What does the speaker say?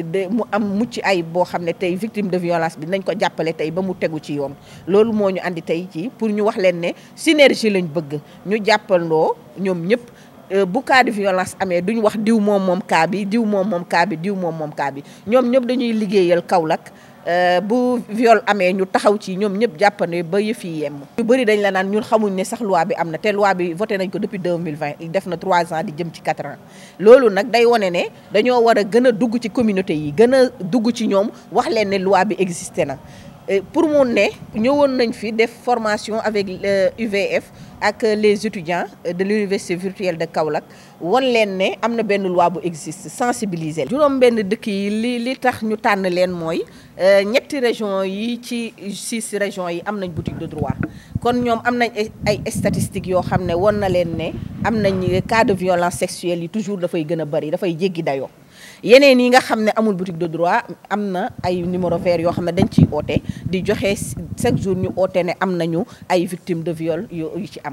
de mu am mucc ay boo xam ne tey victime de violence bi nañ ko jàppale tey ba mu tegu ci yoon loolu moo ñu indi tey ci pour ñu wax leen ne synergie lañ bëgg ñu jàppal ndoo ñoom ñëpp euh, bu cas de violence amee duñ wax diw moom moom cas bi diw moom moom cas bi diw moom moom cas bi ñoom ñëpp dañuy liggéeyal Kaolack Euh, bu viol amee ñu taxaw ci ñoom ñëpp jàppane ba yëf yi yemm ñu bari dañ la naan ñun xamuñ ne sax loi bi am na te loi bi voté nañ ko depuis 2020 def na 3 ans di jëm ci 4 ans loolu nag day wane ne dañoo war a gën a dugg ci communauté yi gën a dugg ci ñoom wax leen ne loi bi existé na Euh, pour mon nous nous avons fait des formation avec l'UVF euh, avec euh, les étudiants de l'université virtuelle de Kaolack Nous avons fait nous loi existe sensibiliser nous fait. régions boutique de droit kon nous lois, des statistiques cas de sexuelle toujours yeneen yi nga xam ne amul boutique de droit am na ay numéro vert yoo xam ne dañ ciy oote di joxe chaque jour ñu ote ne am nañu ay victimes de viol yu ci am